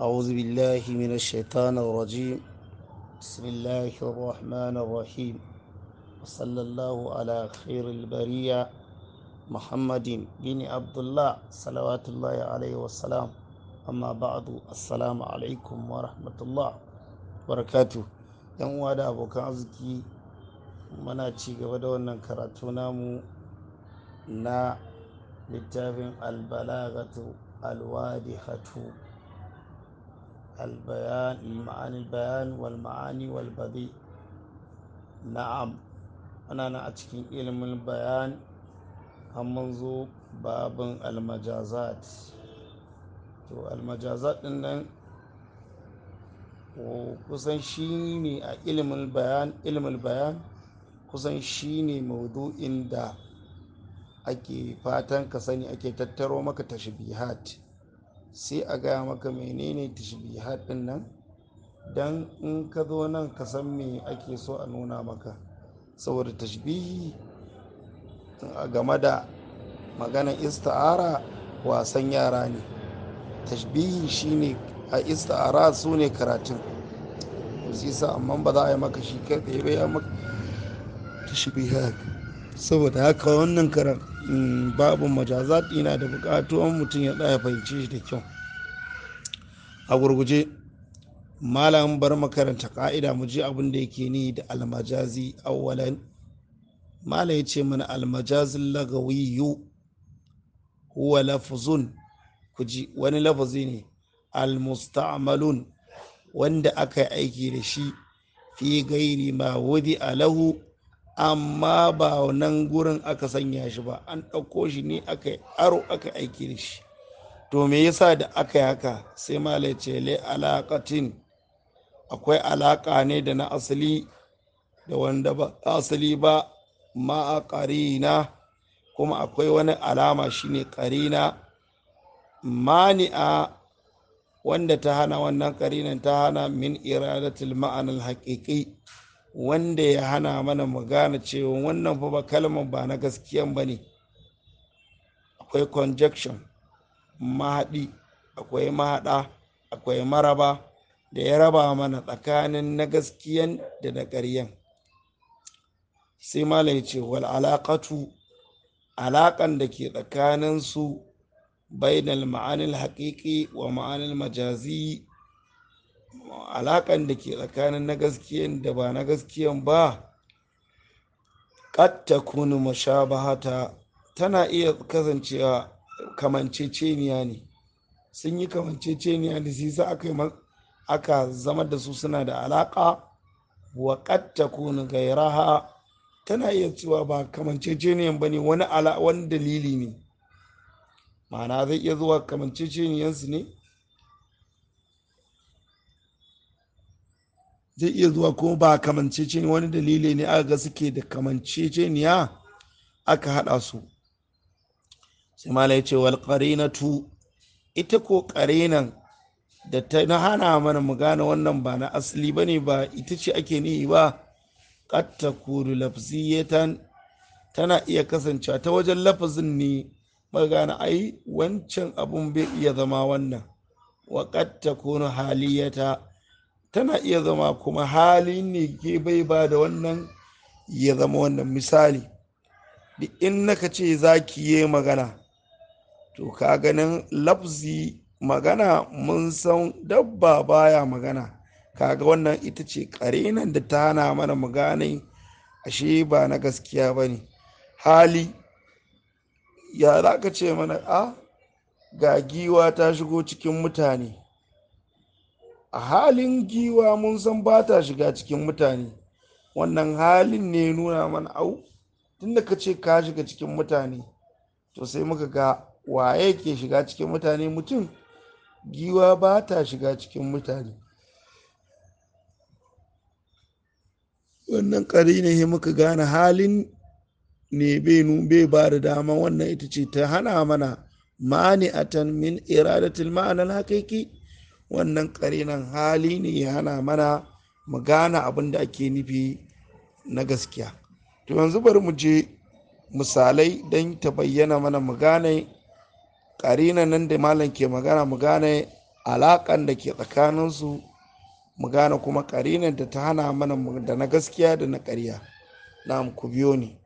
أعوذ بالله من الشيطان الرجيم بسم الله الرحمن الرحيم وصلى الله على خير البرية محمد بن عبد الله صلوات الله عليه وسلم أما بعد السلام عليكم ورحمة الله وبركاته yan uwa da abokan arziki muna ci gaba da wannan karatu namu na littafin albalagatu alwadihatu البيان عن البيان والمعاني والبديع na'am ana na a cikin ilimin bayan mun zo babin almajazat to almajazat nan kusan shi ne a ilimin bayan ilimin bayan kusan shi ne maudu'in da ake fatan ka sani ake tattaro maka tashbihat sai a gaya maka menene tashbihat ɗin nan don in ka zo nan ka san me ake so a nuna maka saboda tashbihi game da magana ista'ara wasan yara ne tashbihi shine a ista'ara su ne karatun sisa amma ba za a yi maka shi kai tsaye ba yi maka tashbihat saboda haka wannan karan Mm, babu majazat yana da buƙatuwan mutum ya ɗaya fahimci shi da kyau a gurguje malamin bar makaranta ƙa'ida mu je abin da yake ni da almajazi awwalan malam ya ce mana almajazin lagawiyu huwa lafuzun kuji wani lafazi ne almusta'malun wanda aka yi aiki da shi fi gairi ma wudi alahu amma ba nan gurin aka sanya shi ba an ɗauko shi ne aka aro aka aiki da shi to me yasa da aka yi haka sai malai ce le alaƙatin akwai alaƙa ne da na asali da wanda ba asali ba ma'a ƙarina kuma akwai wani alama shine ƙarina mani'a wanda ta hana wannan ƙarinan ta hana min iradatul ma'anar haƙiƙi wanda ya hana mana magana cewa wannan fa ba kalmar ba na gaskiya ba ne akwai conjunction mahaɗi akwai mahaɗa akwai maraba da ya raba mana tsakanin na gaskiyan da na ƙaryan sai malam ya ce wal alaƙatu alaƙan da ke tsakanin su bainal ma'anil haƙiƙi wa ma'anil majazi alaƙan da ke tsakanin na gaskiyan da ba na gaskiyan ba ƙad kunu mashabahata tana iya kasancewa kamanceceniya ne sun yi kamanceceniya da su yi aka aka zama da su suna da alaƙa wa ƙatta ta kunu gairaha tana iya cewa ba kamanceceniyan ba ne wani dalili ne ma'ana zai iya zuwa kamanceceniyansu ne zai iya zuwa kuma ba kamancece wani dalili ne aka ga suke da ya aka haɗa su sai mala ya ce wal tu ita ko ƙarenan da ta na hana mana mu gane wannan ba na asali ba ne ba ita ce ake nihi ba ƙatta kudu lafziyatan tana iya kasancewa ta wajen lafazin ne magana ai wancan abun bai iya zama wannan wa ƙatta kudu haliyata tana iya zama kuma hali ne ke bai ba da wannan ya zama wannan misali da in naka ce za ki yi magana to ka ganin lafzi magana mun san dabba baya magana kaga wannan ita ce karenan da ta hana mana magana ashe ba na gaskiya ba ne hali ya za ka ce mana a ah, ga giwa ta shigo cikin mutane a halin giwa mun san ba ta shiga cikin mutane wannan halin ne nuna mana au tunda ka ce ka shiga cikin mutane to sai muka ga waye ke shiga cikin mutane mutum giwa ba ta shiga cikin mutane wannan ƙari ne muka gane halin ne bai ba da dama wannan ita ce ta hana mana mani atan min iradatul ma'anar haƙiƙi wannan ƙarinan hali ne ya hana mana mu gane abin da ake nufi na gaskiya to yanzu bari mu je misalai don ta bayyana mana mu gane ƙarinan nan da malam ke magana mu gane alaƙan da ke tsakaninsu mu gane kuma karenan da ta hana mana da na gaskiya da na ƙarya na ku biyo ni